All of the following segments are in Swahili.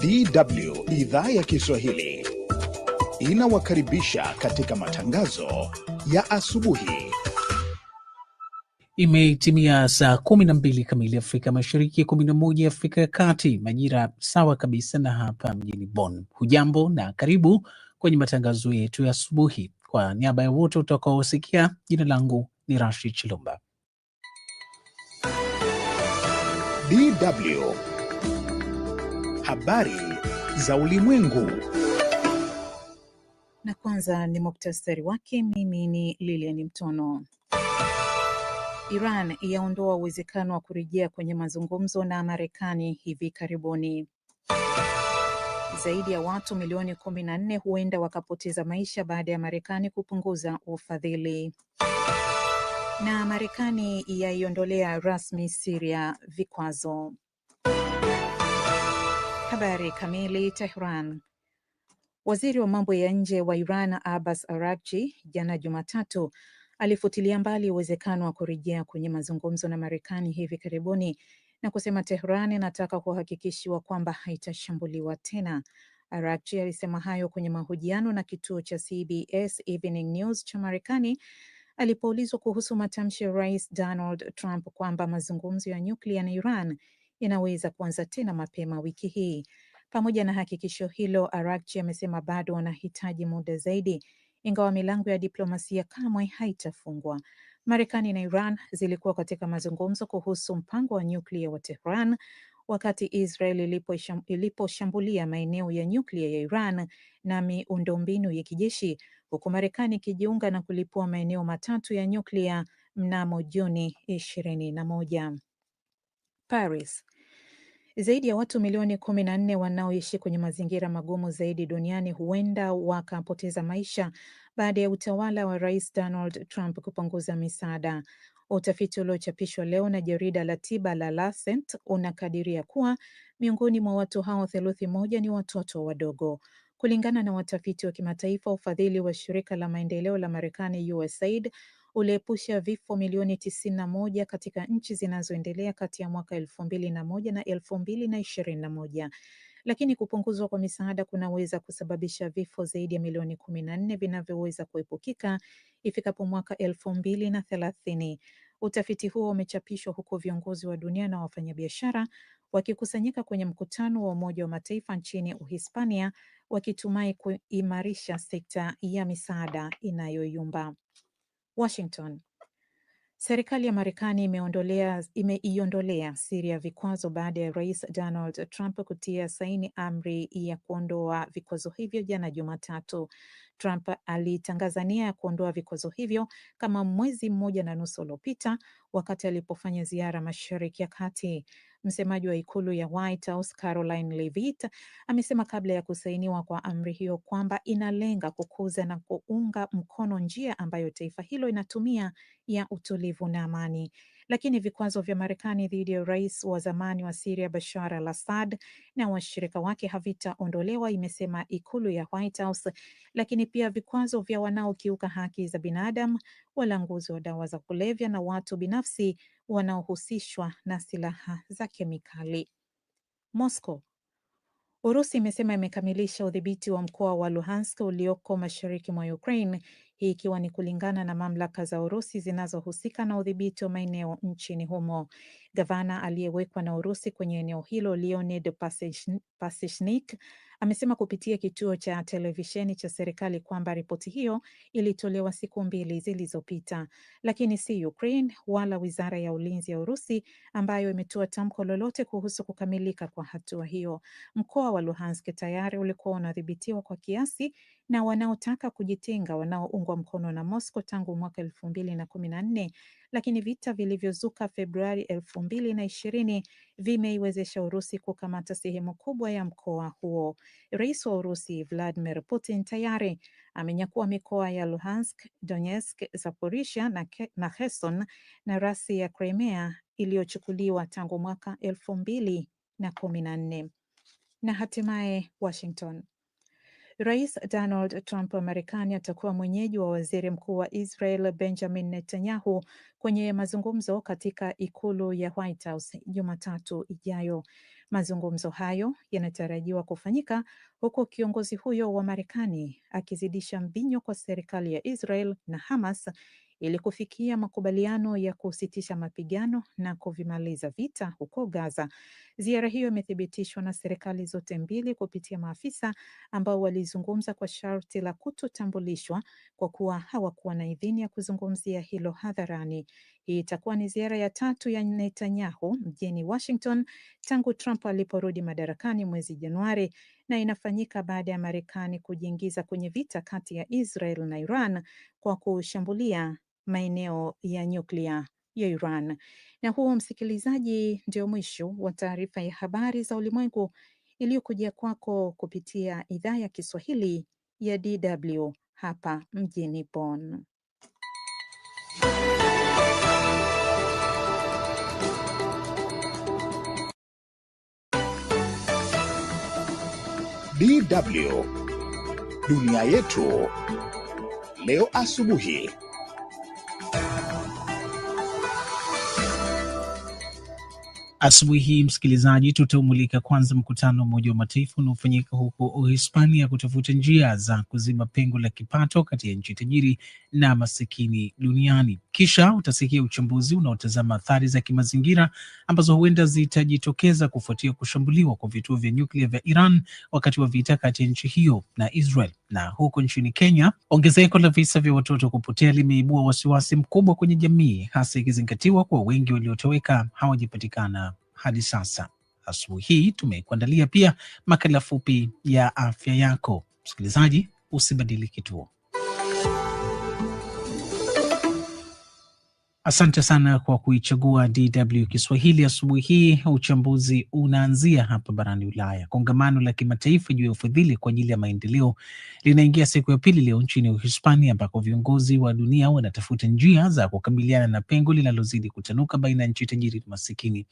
DW idhaa ya Kiswahili inawakaribisha katika matangazo ya asubuhi. Imetimia saa 12 kamili Afrika Mashariki, 11 Afrika ya Kati, majira sawa kabisa na hapa mjini Bonn. Hujambo na karibu kwenye matangazo yetu ya asubuhi. Kwa niaba ya wote utakaosikia, jina langu ni Rashid Chilumba. DW Habari za Ulimwengu. Na kwanza ni muktasari wake. Mimi ni Lilian Mtono. Iran yaondoa uwezekano wa kurejea kwenye mazungumzo na Marekani hivi karibuni. Zaidi ya watu milioni kumi na nne huenda wakapoteza maisha baada ya Marekani kupunguza ufadhili. Na Marekani yaiondolea rasmi Siria vikwazo. Habari kamili. Tehran. Waziri wa mambo ya nje wa Iran Abbas Araghchi jana Jumatatu alifutilia mbali uwezekano wa kurejea kwenye mazungumzo na Marekani hivi karibuni na kusema Tehran inataka kuhakikishiwa kwamba haitashambuliwa tena. Araghchi alisema hayo kwenye mahojiano na kituo cha CBS Evening News cha Marekani alipoulizwa kuhusu matamshi ya Rais Donald Trump kwamba mazungumzo ya nyuklia na Iran inaweza kuanza tena mapema wiki hii. Pamoja na hakikisho hilo, Arakchi amesema bado wanahitaji muda zaidi, ingawa milango ya diplomasia kamwe haitafungwa. Marekani na Iran zilikuwa katika mazungumzo kuhusu mpango wa nyuklia wa Tehran wakati Israel iliposhambulia maeneo ya nyuklia ya Iran na miundombinu ya kijeshi, huku Marekani ikijiunga na kulipua maeneo matatu ya nyuklia mnamo Juni ishirini na moja. Paris. Zaidi ya watu milioni kumi na nne wanaoishi kwenye mazingira magumu zaidi duniani huenda wakapoteza maisha baada ya utawala wa Rais Donald Trump kupunguza misaada. Utafiti uliochapishwa leo na jarida la tiba la Lancet unakadiria kuwa miongoni mwa watu hao theluthi moja ni watoto wadogo. Kulingana na watafiti wa kimataifa, ufadhili wa shirika la maendeleo la Marekani USAID uliepusha vifo milioni tisini na moja katika nchi zinazoendelea kati ya mwaka elfu mbili na moja na elfu mbili na ishirini na moja lakini kupunguzwa kwa misaada kunaweza kusababisha vifo zaidi ya milioni kumi na nne vinavyoweza kuepukika ifikapo mwaka elfu mbili na thelathini. Utafiti huo umechapishwa huku viongozi wa dunia na wafanyabiashara wakikusanyika kwenye mkutano wa Umoja wa Mataifa nchini Uhispania wakitumai kuimarisha sekta ya misaada inayoyumba. Washington. Serikali ya Marekani imeondolea imeiondolea Siria vikwazo baada ya Rais Donald Trump kutia saini amri ya kuondoa vikwazo hivyo jana Jumatatu. Trump alitangaza nia ya kuondoa vikwazo hivyo kama mwezi mmoja na nusu uliopita wakati alipofanya ziara Mashariki ya Kati. Msemaji wa ikulu ya White House Caroline Levitt amesema kabla ya kusainiwa kwa amri hiyo kwamba inalenga kukuza na kuunga mkono njia ambayo taifa hilo inatumia ya utulivu na amani lakini vikwazo vya Marekani dhidi ya rais wa zamani wa Siria Bashar al Assad na washirika wake havitaondolewa, imesema ikulu ya White House, lakini pia vikwazo vya wanaokiuka haki za binadamu, walanguzi wa dawa za kulevya na watu binafsi wanaohusishwa na silaha za kemikali. Moscow Urusi imesema imekamilisha udhibiti wa mkoa wa Luhansk ulioko mashariki mwa Ukraine hii ikiwa ni kulingana na mamlaka za Urusi zinazohusika na udhibiti wa maeneo nchini humo. Gavana aliyewekwa na Urusi kwenye eneo hilo Leonid Pasishnik amesema kupitia kituo cha televisheni cha serikali kwamba ripoti hiyo ilitolewa siku mbili zilizopita, lakini si Ukraine wala wizara ya ulinzi ya Urusi ambayo imetoa tamko lolote kuhusu kukamilika kwa hatua hiyo. Mkoa wa Luhansk tayari ulikuwa unadhibitiwa kwa kiasi na wanaotaka kujitenga wanaoungwa mkono na Moscow tangu mwaka elfu mbili na kumi na nne lakini vita vilivyozuka Februari elfu mbili na ishirini vimeiwezesha Urusi kukamata sehemu kubwa ya mkoa huo. Rais wa Urusi Vladimir Putin tayari amenyakua mikoa ya Luhansk, Donetsk, Zaporisha na, na Kherson na rasi ya Crimea iliyochukuliwa tangu mwaka elfu mbili na kumi na nne. Na hatimaye Washington Rais Donald Trump wa Marekani atakuwa mwenyeji wa waziri mkuu wa Israel Benjamin Netanyahu kwenye mazungumzo katika ikulu ya White House Jumatatu ijayo. Mazungumzo hayo yanatarajiwa kufanyika huku kiongozi huyo wa Marekani akizidisha mbinyo kwa serikali ya Israel na Hamas ili kufikia makubaliano ya kusitisha mapigano na kuvimaliza vita huko Gaza. Ziara hiyo imethibitishwa na serikali zote mbili kupitia maafisa ambao walizungumza kwa sharti la kutotambulishwa kwa kuwa hawakuwa na idhini ya kuzungumzia hilo hadharani. Hii itakuwa ni ziara ya tatu ya Netanyahu mjini Washington tangu Trump aliporudi madarakani mwezi Januari na inafanyika baada ya Marekani kujiingiza kwenye vita kati ya Israel na Iran kwa kushambulia maeneo ya nyuklia ya Iran. Na huo, msikilizaji, ndio mwisho wa taarifa ya habari za ulimwengu iliyokujia kwako kupitia idhaa ya Kiswahili ya DW hapa mjini Bonn. DW Dunia Yetu Leo Asubuhi. Asubuhi hii msikilizaji, tutaumulika kwanza mkutano wa Umoja wa Mataifa unaofanyika huko Uhispania kutafuta njia za kuziba pengo la kipato kati ya nchi tajiri na masikini duniani. Kisha utasikia uchambuzi unaotazama athari za kimazingira ambazo huenda zitajitokeza kufuatia kushambuliwa kwa vituo vya nyuklia vya Iran wakati wa vita kati ya nchi hiyo na Israel. Na huko nchini Kenya, ongezeko la visa vya watoto kupotea limeibua wasiwasi mkubwa kwenye jamii, hasa ikizingatiwa kuwa wengi waliotoweka hawajapatikana hadi sasa. Asubuhi hii tumekuandalia pia makala fupi ya afya yako. Msikilizaji, usibadili kituo. Asante sana kwa kuichagua DW Kiswahili asubuhi hii. Uchambuzi unaanzia hapa barani Ulaya. Kongamano la kimataifa juu ya ufadhili kwa ajili ya maendeleo linaingia siku ya pili leo nchini Uhispania, ambako viongozi wa dunia wanatafuta njia za kukabiliana na pengo linalozidi kutanuka baina ya nchi tajiri na masikini.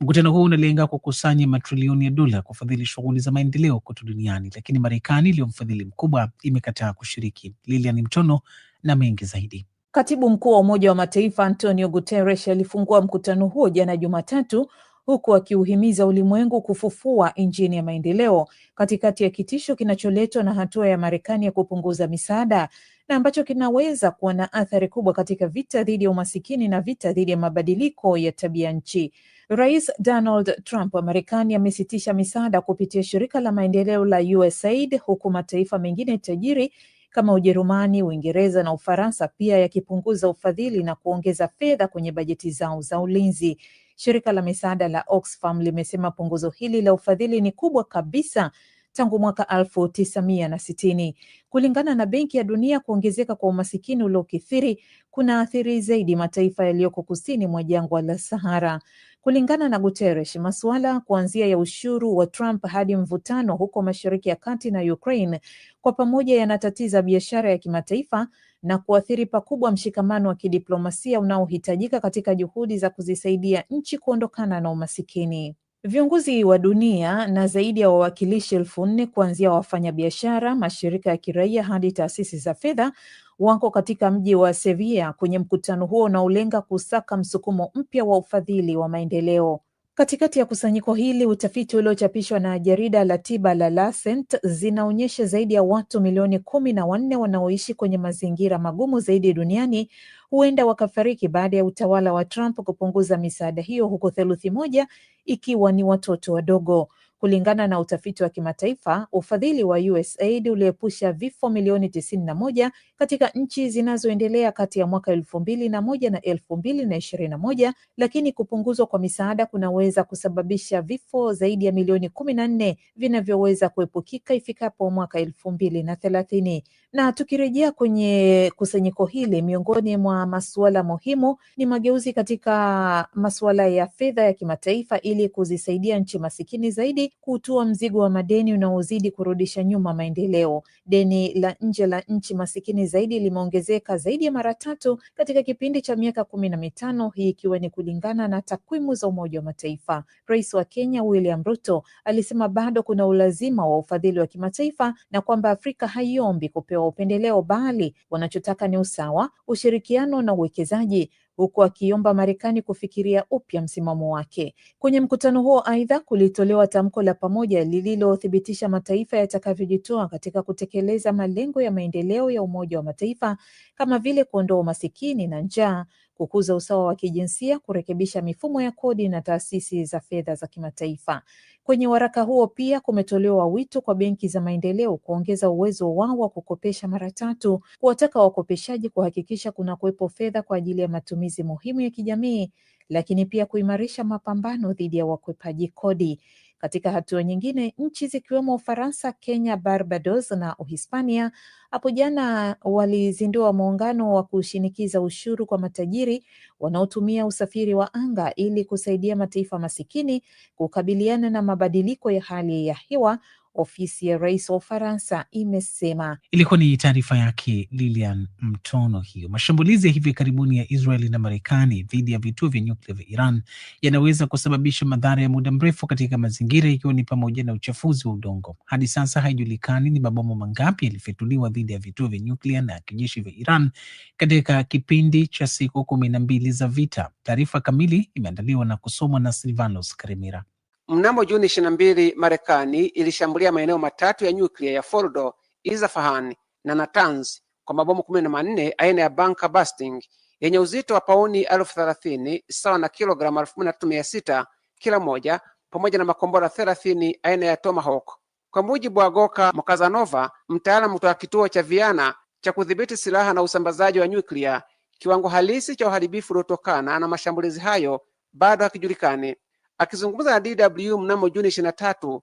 Mkutano huu unalenga kukusanya matrilioni ya dola kufadhili shughuli za maendeleo kote duniani, lakini Marekani iliyo mfadhili mkubwa imekataa kushiriki. Lilian Mtono na mengi zaidi. Katibu mkuu wa Umoja wa Mataifa Antonio Guterres alifungua mkutano huo jana Jumatatu, huku akiuhimiza ulimwengu kufufua injini ya maendeleo katikati ya kitisho kinacholetwa na hatua ya Marekani ya kupunguza misaada na ambacho kinaweza kuwa na athari kubwa katika vita dhidi ya umasikini na vita dhidi ya mabadiliko ya tabia nchi. Rais Donald Trump wa Marekani amesitisha misaada kupitia shirika la maendeleo la USAID huku mataifa mengine tajiri kama Ujerumani, Uingereza na Ufaransa pia yakipunguza ufadhili na kuongeza fedha kwenye bajeti zao za ulinzi. Shirika la misaada la Oxfam limesema punguzo hili la ufadhili ni kubwa kabisa tangu mwaka 1960 na sitini. Kulingana na Benki ya Dunia, kuongezeka kwa umasikini uliokithiri kunaathiri zaidi mataifa yaliyoko kusini mwa jangwa la Sahara. Kulingana na Guterres, masuala kuanzia ya ushuru wa Trump hadi mvutano huko Mashariki ya Kati na Ukraine kwa pamoja yanatatiza biashara ya kimataifa na kuathiri pakubwa mshikamano wa kidiplomasia unaohitajika katika juhudi za kuzisaidia nchi kuondokana na umasikini. Viongozi wa dunia na zaidi ya wawakilishi elfu nne kuanzia wafanyabiashara, mashirika ya kiraia hadi taasisi za fedha wako katika mji wa Sevilla kwenye mkutano huo unaolenga kusaka msukumo mpya wa ufadhili wa maendeleo. Katikati ya kusanyiko hili, utafiti uliochapishwa na jarida la tiba la Lancet zinaonyesha zaidi ya watu milioni kumi na wanne wanaoishi kwenye mazingira magumu zaidi duniani huenda wakafariki baada ya utawala wa Trump kupunguza misaada hiyo, huku theluthi moja ikiwa ni watoto wadogo. Kulingana na utafiti wa kimataifa, ufadhili wa USAID uliepusha vifo milioni tisini na moja katika nchi zinazoendelea kati ya mwaka elfu mbili na moja na elfu mbili na ishirini na moja lakini kupunguzwa kwa misaada kunaweza kusababisha vifo zaidi ya milioni kumi na nne vinavyoweza kuepukika ifikapo mwaka elfu mbili na thelathini. Na tukirejea kwenye kusanyiko hili, miongoni mwa masuala muhimu ni mageuzi katika masuala ya fedha ya kimataifa ili kuzisaidia nchi masikini zaidi kutua mzigo wa madeni unaozidi kurudisha nyuma maendeleo. Deni la nje la nchi masikini zaidi limeongezeka zaidi ya mara tatu katika kipindi cha miaka kumi na mitano, hii ikiwa ni kulingana na takwimu za Umoja wa Mataifa. Rais wa Kenya William Ruto alisema bado kuna ulazima wa ufadhili wa kimataifa na kwamba Afrika haiombi kupewa upendeleo, bali wanachotaka ni usawa, ushirikiano na uwekezaji huku akiomba Marekani kufikiria upya msimamo wake. Kwenye mkutano huo, aidha, kulitolewa tamko la pamoja lililothibitisha mataifa yatakavyojitoa katika kutekeleza malengo ya maendeleo ya Umoja wa Mataifa kama vile kuondoa umasikini na njaa kukuza usawa wa kijinsia, kurekebisha mifumo ya kodi na taasisi za fedha za kimataifa. Kwenye waraka huo pia kumetolewa wito kwa benki za maendeleo kuongeza uwezo wao wa kukopesha mara tatu, kuwataka wakopeshaji kuhakikisha kuna kuwepo fedha kwa ajili ya matumizi muhimu ya kijamii, lakini pia kuimarisha mapambano dhidi ya wakwepaji kodi. Katika hatua nyingine, nchi zikiwemo Ufaransa, Kenya, Barbados na Uhispania hapo jana walizindua muungano wa kushinikiza ushuru kwa matajiri wanaotumia usafiri wa anga ili kusaidia mataifa masikini kukabiliana na mabadiliko ya hali ya hewa ofisi ya rais wa Ufaransa imesema. Ilikuwa ni taarifa yake Lilian Mtono hiyo. Mashambulizi ya hivi karibuni ya Israeli na Marekani dhidi ya vituo vya nyuklia vya Iran yanaweza kusababisha madhara ya muda mrefu katika mazingira, ikiwa ni pamoja na uchafuzi wa udongo. Hadi sasa haijulikani ni mabomu mangapi yalifyatuliwa dhidi ya vituo vya nyuklia na kijeshi vya Iran katika kipindi cha siku kumi na mbili za vita. Taarifa kamili imeandaliwa na kusomwa na Silvanos Karimira. Mnamo Juni 22, Marekani ilishambulia maeneo matatu ya nyuklia ya Fordo, Isfahan na Natanz kwa mabomu kumi na manne aina ya bunker busting yenye uzito wa pauni elfu thelathini sawa na kilogramu elfu kumi na tatu mia sita kila moja pamoja na makombora thelathini aina ya Tomahawk. Kwa mujibu wa Goka Mokazanova, mtaalamu kutoka kituo cha Viana cha kudhibiti silaha na usambazaji wa nyuklia, kiwango halisi cha uharibifu uliotokana na mashambulizi hayo bado hakijulikani. Akizungumza na DW mnamo Juni 23, na tatu,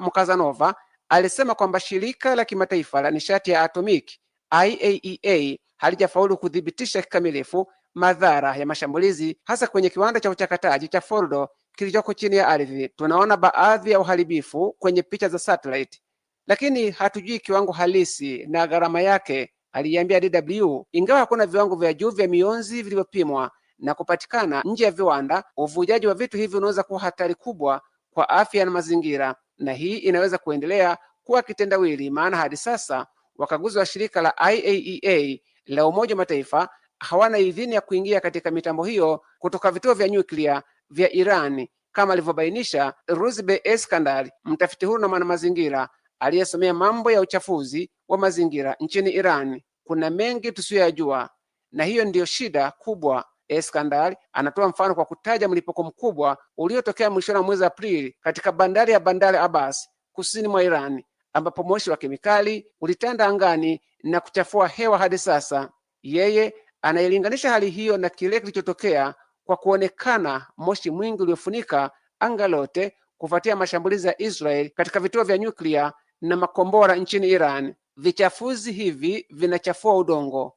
Mukazanova alisema kwamba shirika la kimataifa la nishati ya atomic IAEA e halijafaulu kuthibitisha kikamilifu madhara ya mashambulizi hasa kwenye kiwanda cha uchakataji cha Fordo kilichoko chini ya ardhi. Tunaona baadhi ya uharibifu kwenye picha za satellite, lakini hatujui kiwango halisi na gharama yake, aliambia DW. Ingawa hakuna viwango vya juu vya mionzi vilivyopimwa, na kupatikana nje ya viwanda, uvujaji wa vitu hivi unaweza kuwa hatari kubwa kwa afya na mazingira, na hii inaweza kuendelea kuwa kitendawili, maana hadi sasa wakaguzi wa shirika la IAEA e la Umoja wa Mataifa hawana idhini ya kuingia katika mitambo hiyo kutoka vituo vya nyuklia vya iran kama alivyobainisha Ruzbe Eskandar, mtafiti huru na mazingira aliyesomea mambo ya uchafuzi wa mazingira nchini iran Kuna mengi tusiyoyajua, na hiyo ndiyo shida kubwa Eskandari anatoa mfano kwa kutaja mlipuko mkubwa uliotokea mwishoni mwa mwezi Aprili katika bandari ya Bandar Abbas kusini mwa Iran, ambapo moshi wa kemikali ulitanda angani na kuchafua hewa hadi sasa. Yeye anailinganisha hali hiyo na kile kilichotokea kwa kuonekana moshi mwingi uliofunika anga lote kufuatia mashambulizi ya Israel katika vituo vya nyuklia na makombora nchini Iran. Vichafuzi hivi vinachafua udongo,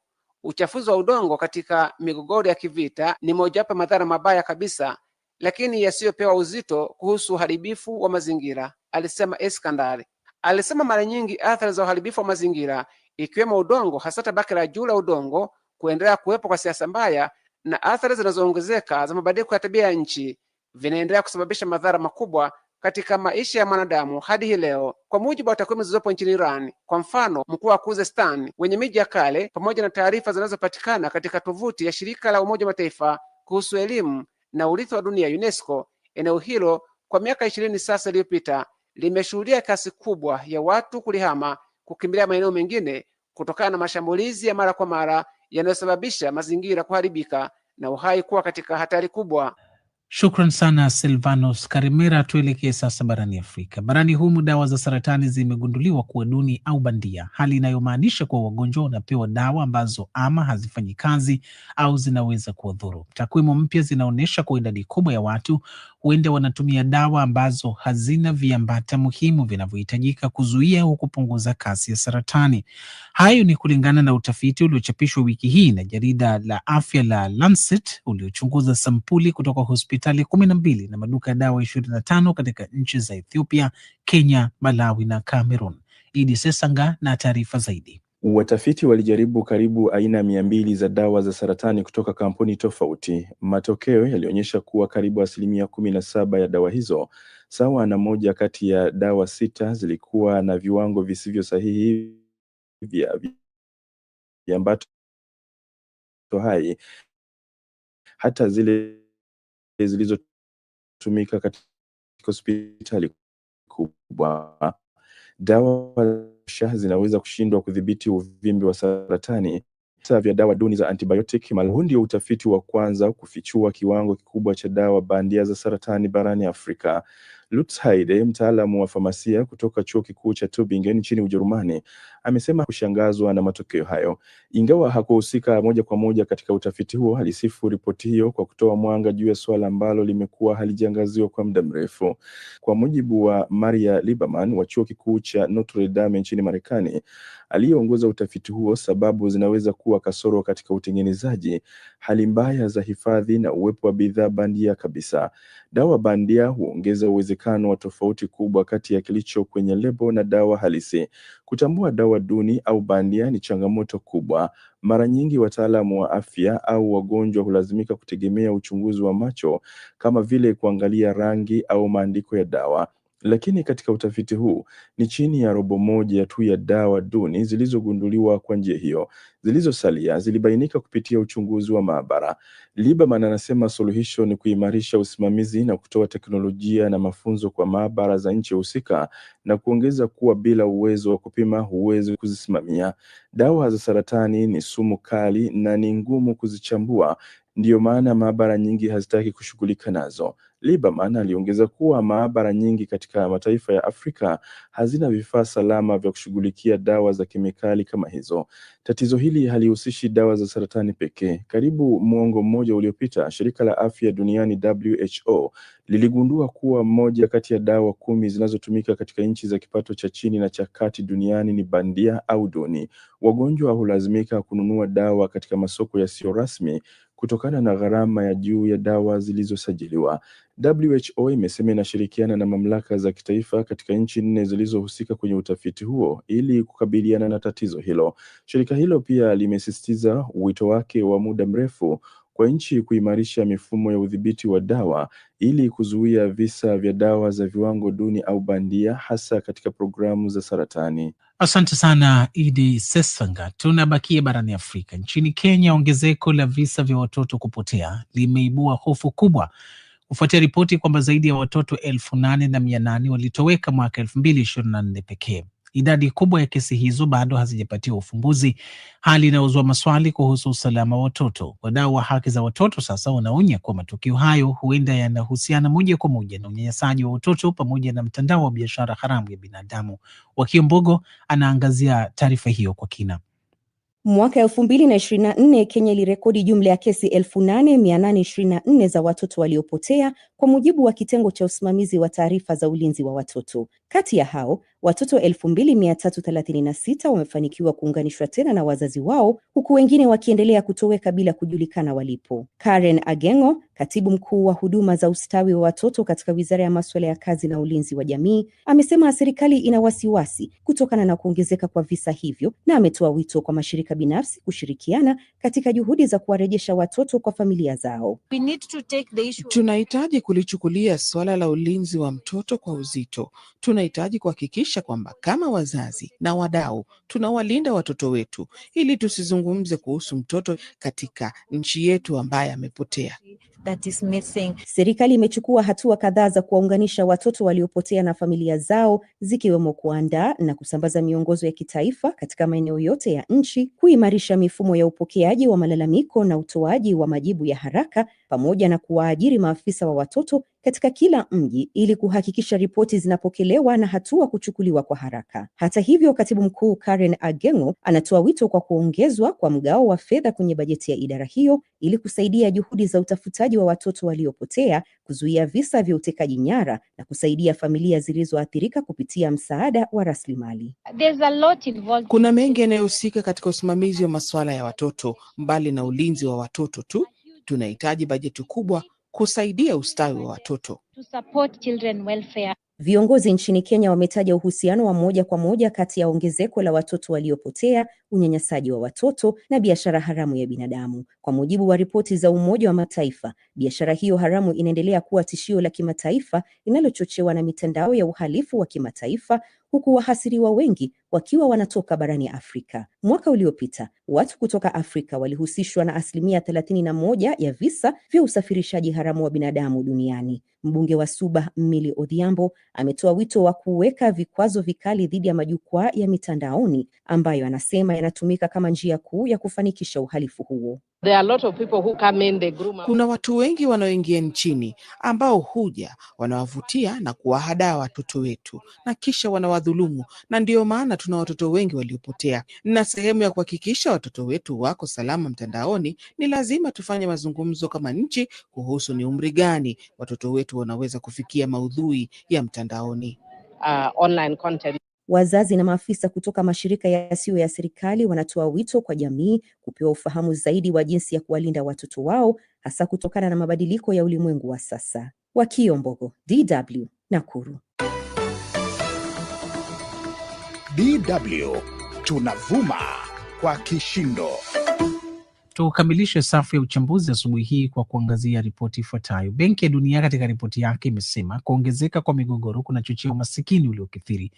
Uchafuzi wa udongo katika migogoro ya kivita ni mojawapo ya madhara mabaya kabisa, lakini yasiyopewa uzito kuhusu uharibifu wa mazingira, alisema Eskandari. Alisema mara nyingi athari za uharibifu wa mazingira, ikiwemo udongo, hasa tabaka la juu la udongo, kuendelea kuwepo kwa siasa mbaya na athari zinazoongezeka za mabadiliko ya tabia ya nchi, vinaendelea kusababisha madhara makubwa katika maisha ya mwanadamu hadi hii leo, kwa mujibu wa takwimu zilizopo nchini Iran. Kwa mfano, mkoa wa Khuzestan wenye miji ya kale pamoja na taarifa zinazopatikana katika tovuti ya shirika la Umoja wa Mataifa kuhusu elimu na urithi wa dunia UNESCO, eneo hilo kwa miaka ishirini sasa iliyopita limeshuhudia kasi kubwa ya watu kulihama kukimbilia maeneo mengine kutokana na mashambulizi ya mara kwa mara yanayosababisha mazingira kuharibika na uhai kuwa katika hatari kubwa. Shukran sana Silvanos Karimera. Tuelekee sasa barani Afrika. Barani humu dawa za saratani zimegunduliwa kuwa duni au bandia, hali inayomaanisha kuwa wagonjwa wanapewa dawa ambazo ama hazifanyi kazi au zinaweza kuwadhuru. Takwimu mpya zinaonyesha kuwa idadi kubwa ya watu huenda wanatumia dawa ambazo hazina viambata muhimu vinavyohitajika kuzuia au kupunguza kasi ya saratani. Hayo ni kulingana na utafiti uliochapishwa wiki hii na jarida la afya la Lancet uliochunguza sampuli kutoka hospitali kumi na mbili na maduka ya dawa ishirini na tano katika nchi za Ethiopia, Kenya, Malawi na Cameroon. Idi Sesanga na taarifa zaidi. Watafiti walijaribu karibu aina mia mbili za dawa za saratani kutoka kampuni tofauti. Matokeo yalionyesha kuwa karibu asilimia kumi na saba ya dawa hizo, sawa na moja kati ya dawa sita, zilikuwa na viwango visivyo sahihi vya viambato hai, hata zile zilizotumika katika hospitali kubwa. Dawa presha zinaweza kushindwa kudhibiti uvimbe wa saratani vita vya dawa duni za antibiotic. Huu ndio utafiti wa kwanza kufichua kiwango kikubwa cha dawa bandia za saratani barani Afrika. Lutz Heide, mtaalamu wa famasia kutoka chuo kikuu cha Tubingen nchini Ujerumani, amesema kushangazwa na matokeo hayo. Ingawa hakuhusika moja kwa moja katika utafiti huo, alisifu ripoti hiyo kwa kutoa mwanga juu ya suala ambalo limekuwa halijaangaziwa kwa muda mrefu. Kwa mujibu wa Maria Lieberman wa chuo kikuu cha Notre Dame nchini Marekani, aliyeongoza utafiti huo sababu zinaweza kuwa kasoro katika utengenezaji, hali mbaya za hifadhi na uwepo wa bidhaa bandia kabisa. Dawa bandia huongeza uwezekano wa tofauti kubwa kati ya kilicho kwenye lebo na dawa halisi. Kutambua dawa duni au bandia ni changamoto kubwa. Mara nyingi wataalamu wa afya au wagonjwa hulazimika kutegemea uchunguzi wa macho kama vile kuangalia rangi au maandiko ya dawa lakini katika utafiti huu ni chini ya robo moja tu ya dawa duni zilizogunduliwa kwa njia hiyo. Zilizosalia zilibainika kupitia uchunguzi wa maabara. Lieberman anasema suluhisho ni kuimarisha usimamizi na kutoa teknolojia na mafunzo kwa maabara za nchi husika, na kuongeza kuwa bila uwezo wa kupima huwezi kuzisimamia. Dawa za saratani ni sumu kali na ni ngumu kuzichambua, ndiyo maana maabara nyingi hazitaki kushughulika nazo. Lieberman aliongeza kuwa maabara nyingi katika mataifa ya Afrika hazina vifaa salama vya kushughulikia dawa za kemikali kama hizo. Tatizo hili halihusishi dawa za saratani pekee. Karibu mwongo mmoja uliopita, shirika la afya duniani WHO liligundua kuwa moja kati ya dawa kumi zinazotumika katika nchi za kipato cha chini na cha kati duniani ni bandia au duni. Wagonjwa hulazimika kununua dawa katika masoko yasiyo rasmi kutokana na gharama ya juu ya dawa zilizosajiliwa. WHO imesema inashirikiana na mamlaka za kitaifa katika nchi nne zilizohusika kwenye utafiti huo ili kukabiliana na tatizo hilo. Shirika hilo pia limesisitiza wito wake wa muda mrefu kwa nchi kuimarisha mifumo ya udhibiti wa dawa ili kuzuia visa vya dawa za viwango duni au bandia hasa katika programu za saratani. Asante sana Idi Sesanga. Tunabakia barani Afrika. Nchini Kenya, ongezeko la visa vya watoto kupotea limeibua hofu kubwa kufuatia ripoti kwamba zaidi ya watoto elfu nane na mia nane walitoweka mwaka elfu mbili ishirini na nne pekee. Idadi kubwa ya kesi hizo bado hazijapatiwa ufumbuzi, hali inayozua maswali kuhusu usalama wa watoto. Wadau wa haki za watoto sasa wanaonya kuwa matukio hayo huenda yanahusiana moja kwa moja na unyanyasaji wa watoto pamoja na mtandao wa biashara haramu ya binadamu. wakio mbogo anaangazia taarifa hiyo kwa kina. Mwaka elfu mbili na ishirini na nne Kenya ilirekodi jumla ya kesi elfu nane mia nane ishirini na nne za watoto waliopotea kwa mujibu wa kitengo cha usimamizi wa taarifa za ulinzi wa watoto. Kati ya hao watoto 2336 wamefanikiwa kuunganishwa tena na wazazi wao, huku wengine wakiendelea kutoweka bila kujulikana walipo. Karen Agengo, katibu mkuu wa huduma za ustawi wa watoto katika Wizara ya Masuala ya Kazi na Ulinzi wa Jamii, amesema serikali ina wasiwasi kutokana na kuongezeka kwa visa hivyo na ametoa wito kwa mashirika binafsi kushirikiana katika juhudi za kuwarejesha watoto kwa familia zao. Tunahitaji kulichukulia suala la ulinzi wa mtoto kwa uzito. Tunahitaji kuhakikisha kwamba kama wazazi na wadau tunawalinda watoto wetu, ili tusizungumze kuhusu mtoto katika nchi yetu ambaye amepotea that is missing. Serikali imechukua hatua kadhaa za kuwaunganisha watoto waliopotea na familia zao zikiwemo kuandaa na kusambaza miongozo ya kitaifa katika maeneo yote ya nchi, kuimarisha mifumo ya upokeaji wa malalamiko na utoaji wa majibu ya haraka, pamoja na kuwaajiri maafisa wa watoto katika kila mji ili kuhakikisha ripoti zinapokelewa na hatua kuchukuliwa kwa haraka. Hata hivyo, katibu mkuu Karen Ageng'o anatoa wito kwa kuongezwa kwa mgao wa fedha kwenye bajeti ya idara hiyo ili kusaidia juhudi za utafutaji wa watoto waliopotea, kuzuia visa vya utekaji nyara na kusaidia familia zilizoathirika kupitia msaada wa rasilimali. Kuna mengi yanayohusika katika usimamizi wa masuala ya watoto mbali na ulinzi wa watoto tu. Tunahitaji bajeti kubwa kusaidia ustawi wa watoto. Viongozi nchini Kenya wametaja uhusiano wa moja kwa moja kati ya ongezeko la watoto waliopotea, unyanyasaji wa watoto na biashara haramu ya binadamu. Kwa mujibu wa ripoti za Umoja wa Mataifa, biashara hiyo haramu inaendelea kuwa tishio la kimataifa linalochochewa na mitandao ya uhalifu wa kimataifa, huku wahasiriwa wengi wakiwa wanatoka barani Afrika. Mwaka uliopita watu kutoka Afrika walihusishwa na asilimia thelathini na moja ya visa vya usafirishaji haramu wa binadamu duniani. Mbunge wa Suba Mmili Odhiambo ametoa wito wa kuweka vikwazo vikali dhidi ya majukwaa ya mitandaoni ambayo anasema yanatumika kama njia kuu ya kufanikisha uhalifu huo. Kuna watu wengi wanaoingia nchini ambao huja wanawavutia na kuwahadaa watoto wetu na kisha wanawadhulumu, na ndiyo maana tuna watoto wengi waliopotea, na sehemu ya kuhakikisha watoto wetu wako salama mtandaoni, ni lazima tufanye mazungumzo kama nchi kuhusu ni umri gani watoto wetu wanaweza kufikia maudhui ya mtandaoni. Uh, online content. Wazazi na maafisa kutoka mashirika yasiyo ya serikali wanatoa wito kwa jamii kupewa ufahamu zaidi wa jinsi ya kuwalinda watoto wao hasa kutokana na mabadiliko ya ulimwengu wa sasa. Wakio Mbogo, DW, Nakuru. DW tunavuma kwa kishindo. Tukamilishe safu ya uchambuzi asubuhi hii kwa kuangazia ripoti ifuatayo. Benki ya Dunia katika ripoti yake imesema kuongezeka kwa migogoro kunachochea umasikini uliokithiri.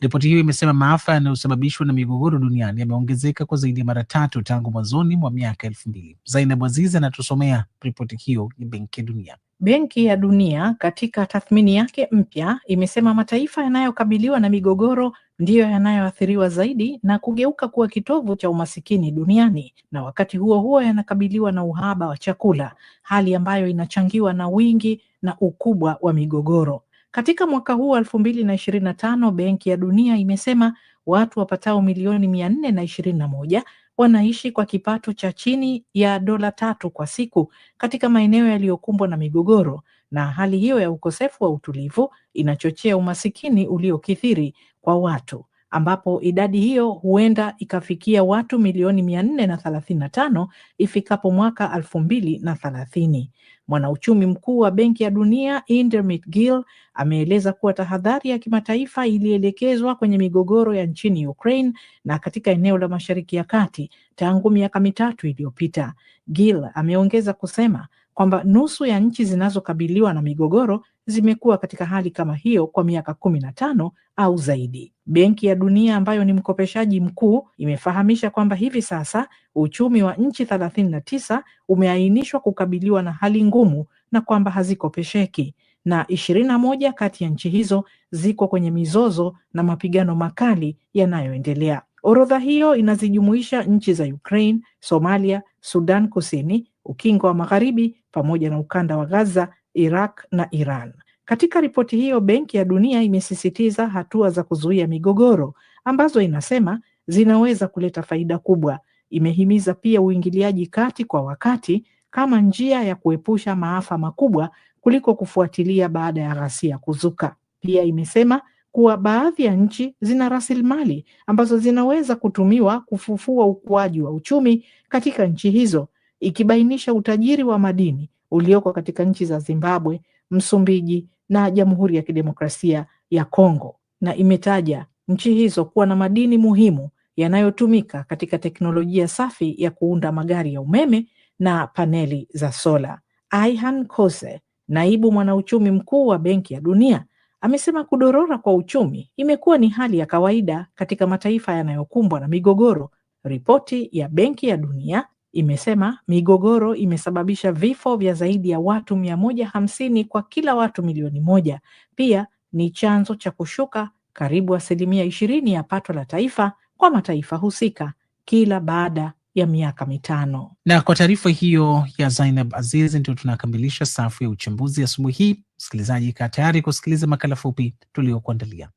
Ripoti hiyo imesema maafa yanayosababishwa na migogoro duniani yameongezeka kwa zaidi ya mara tatu tangu mwanzoni mwa miaka elfu mbili. Zainab azizi anatusomea ripoti hiyo ya Benki ya Dunia. Benki ya Dunia katika tathmini yake mpya imesema mataifa yanayokabiliwa na migogoro ndiyo yanayoathiriwa zaidi na kugeuka kuwa kitovu cha umasikini duniani, na wakati huo huo yanakabiliwa na uhaba wa chakula, hali ambayo inachangiwa na wingi na ukubwa wa migogoro. Katika mwaka huu elfu mbili na ishirini na tano Benki ya Dunia imesema watu wapatao milioni mia nne na ishirini na moja wanaishi kwa kipato cha chini ya dola tatu kwa siku katika maeneo yaliyokumbwa na migogoro, na hali hiyo ya ukosefu wa utulivu inachochea umasikini uliokithiri kwa watu ambapo idadi hiyo huenda ikafikia watu milioni mia nne na thelathini na tano ifikapo mwaka elfu mbili na thelathini. Mwanauchumi mkuu wa Benki ya Dunia Indermit Gill ameeleza kuwa tahadhari ya kimataifa ilielekezwa kwenye migogoro ya nchini Ukraine na katika eneo la Mashariki ya Kati tangu miaka mitatu iliyopita. Gill ameongeza kusema kwamba nusu ya nchi zinazokabiliwa na migogoro zimekuwa katika hali kama hiyo kwa miaka kumi na tano au zaidi. Benki ya Dunia ambayo ni mkopeshaji mkuu imefahamisha kwamba hivi sasa uchumi wa nchi thelathini na tisa umeainishwa kukabiliwa na hali ngumu na kwamba hazikopesheki na ishirini na moja kati ya nchi hizo ziko kwenye mizozo na mapigano makali yanayoendelea. Orodha hiyo inazijumuisha nchi za Ukraine, Somalia, Sudan Kusini, ukingo wa magharibi pamoja na ukanda wa Gaza, Iraq na Iran. Katika ripoti hiyo, Benki ya Dunia imesisitiza hatua za kuzuia migogoro ambazo inasema zinaweza kuleta faida kubwa. Imehimiza pia uingiliaji kati kwa wakati kama njia ya kuepusha maafa makubwa kuliko kufuatilia baada ya ghasia kuzuka. Pia imesema kuwa baadhi ya nchi zina rasilimali ambazo zinaweza kutumiwa kufufua ukuaji wa uchumi katika nchi hizo ikibainisha utajiri wa madini ulioko katika nchi za Zimbabwe, Msumbiji na Jamhuri ya Kidemokrasia ya Kongo, na imetaja nchi hizo kuwa na madini muhimu yanayotumika katika teknolojia safi ya kuunda magari ya umeme na paneli za sola. Ihan Kose, naibu mwanauchumi mkuu wa Benki ya Dunia, amesema kudorora kwa uchumi imekuwa ni hali ya kawaida katika mataifa yanayokumbwa na migogoro. Ripoti ya Benki ya Dunia imesema migogoro imesababisha vifo vya zaidi ya watu mia moja hamsini kwa kila watu milioni moja. Pia ni chanzo cha kushuka karibu asilimia ishirini ya pato la taifa kwa mataifa husika kila baada ya miaka mitano. Na kwa taarifa hiyo ya Zainab Aziz, ndio tunakamilisha safu ya uchambuzi asubuhi hii. Msikilizaji, kaa tayari kusikiliza makala fupi tuliyokuandalia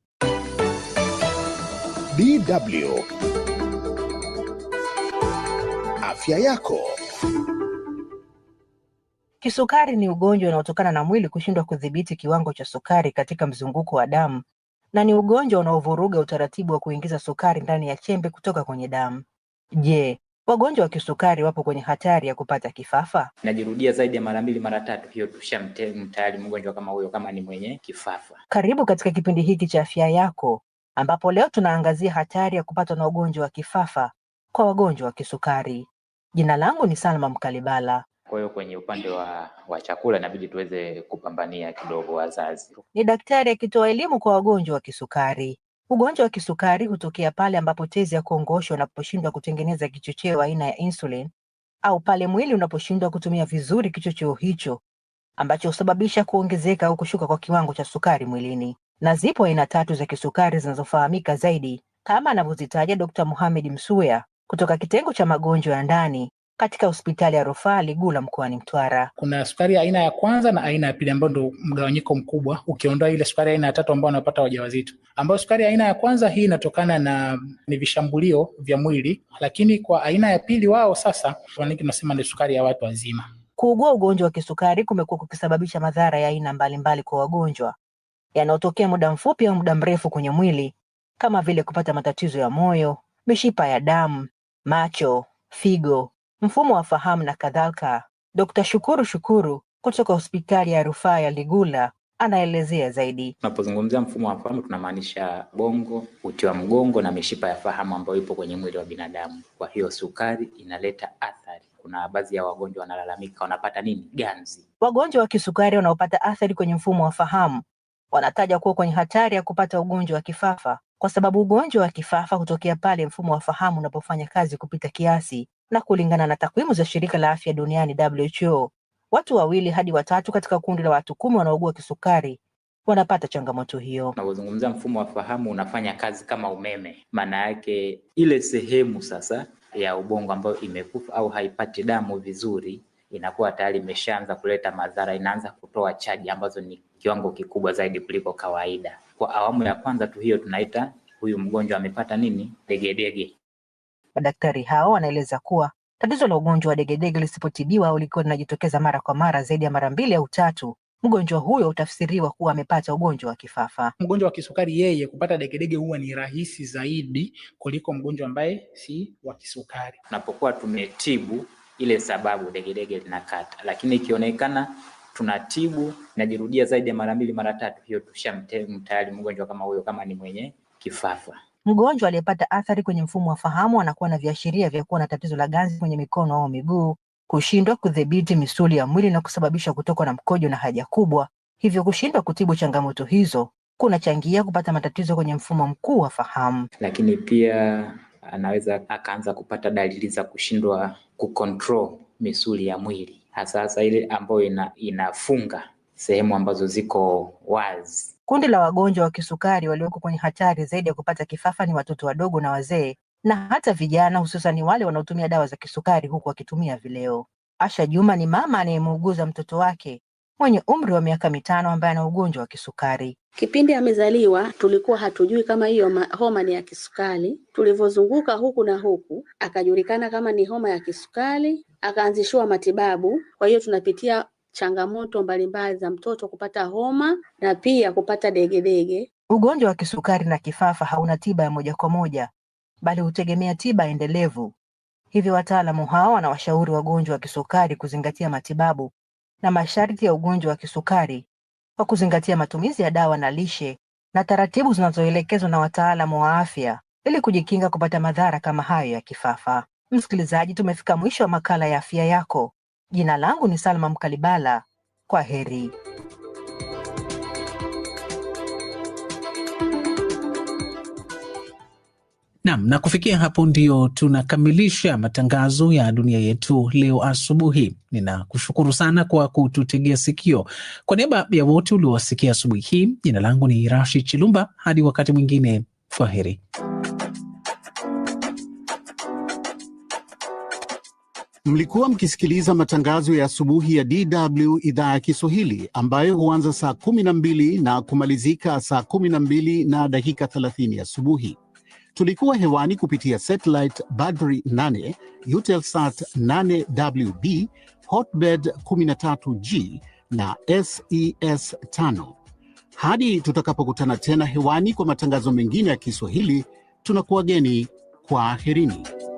afya yako. Kisukari ni ugonjwa unaotokana na mwili kushindwa kudhibiti kiwango cha sukari katika mzunguko wa damu na ni ugonjwa unaovuruga utaratibu wa kuingiza sukari ndani ya chembe kutoka kwenye damu. Je, wagonjwa wa kisukari wapo kwenye hatari ya kupata kifafa? Najirudia zaidi ya mara mbili mara tatu, hiyo tushamtayari mgonjwa kama huyo, kama ni mwenye kifafa. Karibu katika kipindi hiki cha afya yako, ambapo leo tunaangazia hatari ya kupatwa na ugonjwa wa kifafa kwa wagonjwa wa kisukari. Jina langu ni Salma Mkalibala. Kwa hiyo kwenye upande wa, wa chakula inabidi tuweze kupambania kidogo wazazi. Ni daktari akitoa elimu kwa wagonjwa wa kisukari. Ugonjwa wa kisukari hutokea pale ambapo tezi ya kongosho unaposhindwa kutengeneza kichocheo aina ya insulin au pale mwili unaposhindwa kutumia vizuri kichocheo hicho ambacho husababisha kuongezeka au kushuka kwa kiwango cha sukari mwilini. Na zipo aina tatu za kisukari zinazofahamika zaidi kama anavyozitaja Dr. Mohamed Msuya kutoka kitengo cha magonjwa ya ndani katika hospitali ya rufaa Ligula mkoani Mtwara. Kuna sukari aina ya kwanza na aina ya pili, ambayo ndo mgawanyiko mkubwa, ukiondoa ile sukari aina ya tatu ambao wanapata wajawazito, ambayo sukari aina ya kwanza hii inatokana na ni vishambulio vya mwili, lakini kwa aina ya pili wao sasa tunasema ni sukari ya watu wazima. Kuugua ugonjwa wa kisukari kumekuwa kukisababisha madhara ya aina mbalimbali kwa wagonjwa yanayotokea muda mfupi au muda mrefu kwenye mwili kama vile kupata matatizo ya moyo, mishipa ya damu, macho, figo, mfumo wa fahamu na kadhalika. Dkt. Shukuru Shukuru kutoka hospitali ya rufaa ya Ligula anaelezea zaidi. Tunapozungumzia mfumo wa fahamu tunamaanisha bongo, uti wa mgongo na mishipa ya fahamu ambayo ipo kwenye mwili wa binadamu. Kwa hiyo sukari inaleta athari. Kuna baadhi ya wagonjwa wanalalamika wanapata nini? Ganzi. Wagonjwa wa kisukari wanaopata athari kwenye mfumo wa fahamu wanataja kuwa kwenye hatari ya kupata ugonjwa wa kifafa kwa sababu ugonjwa wa kifafa hutokea pale mfumo wa fahamu unapofanya kazi kupita kiasi, na kulingana na takwimu za shirika la afya duniani WHO, watu wawili hadi watatu katika kundi la watu kumi wanaougua kisukari wanapata changamoto hiyo. Unapozungumzia mfumo wa fahamu unafanya kazi kama umeme, maana yake ile sehemu sasa ya ubongo ambayo imekufa au haipati damu vizuri inakuwa tayari imeshaanza kuleta madhara, inaanza kutoa chaji ambazo ni kiwango kikubwa zaidi kuliko kawaida. Kwa awamu ya kwanza tu hiyo tunaita huyu mgonjwa amepata nini? Degedege. Madaktari hao wanaeleza kuwa tatizo la ugonjwa wa degedege lisipotibiwa au likiwa linajitokeza mara kwa mara zaidi ya mara mbili au tatu, mgonjwa huyo hutafsiriwa kuwa amepata ugonjwa wa kifafa. Mgonjwa wa kisukari yeye kupata degedege huwa ni rahisi zaidi kuliko mgonjwa ambaye si wa kisukari. Tunapokuwa tumetibu ile sababu degedege linakata, lakini ikionekana tunatibu najirudia zaidi ya mara mbili mara tatu, hiyo tushamtayari mgonjwa kama huyo, kama ni mwenye kifafa. Mgonjwa aliyepata athari kwenye mfumo wa fahamu anakuwa na viashiria vya kuwa na tatizo la ganzi kwenye mikono au miguu, kushindwa kudhibiti misuli ya mwili na kusababisha kutokwa na mkojo na haja kubwa. Hivyo kushindwa kutibu changamoto hizo kunachangia kupata matatizo kwenye mfumo mkuu wa fahamu. Lakini pia anaweza akaanza kupata dalili za kushindwa kucontrol misuli ya mwili hasa hasa ile ambayo ina, inafunga sehemu ambazo ziko wazi. Kundi la wagonjwa wa kisukari walioko kwenye hatari zaidi ya kupata kifafa ni watoto wadogo na wazee na hata vijana, hususani wale wanaotumia dawa za kisukari huku wakitumia vileo. Asha Juma ni mama anayemuuguza mtoto wake mwenye umri wa miaka mitano ambaye ana ugonjwa wa kisukari. Kipindi amezaliwa tulikuwa hatujui kama hiyo homa ni ya kisukari. Tulivyozunguka huku na huku, akajulikana kama ni homa ya kisukari, akaanzishiwa matibabu. Kwa hiyo tunapitia changamoto mbalimbali za mtoto kupata homa na pia kupata degedege. Ugonjwa wa kisukari na kifafa hauna tiba ya moja kwa moja, bali hutegemea tiba endelevu. Hivyo wataalamu hao wanawashauri wagonjwa wa kisukari kuzingatia matibabu na masharti ya ugonjwa wa kisukari kwa kuzingatia matumizi ya dawa na lishe na taratibu zinazoelekezwa na wataalamu wa afya ili kujikinga kupata madhara kama hayo ya kifafa. Msikilizaji, tumefika mwisho wa makala ya afya yako. Jina langu ni Salma Mkalibala. Kwa heri. Naam, na kufikia hapo ndio tunakamilisha matangazo ya dunia yetu leo asubuhi. Ninakushukuru sana kwa kututegea sikio. Kwa niaba ya wote uliowasikia asubuhi hii, jina langu ni Rashi Chilumba. Hadi wakati mwingine, heri Mlikuwa mkisikiliza matangazo ya asubuhi ya DW idhaa ya Kiswahili ambayo huanza saa 12 na kumalizika saa 12 na dakika 30 asubuhi. Tulikuwa hewani kupitia satellite Badri 8, Eutelsat 8WB, Hotbird 13G na SES 5. E Hadi tutakapokutana tena hewani kwa matangazo mengine ya Kiswahili, tunakuwageni kwa aherini.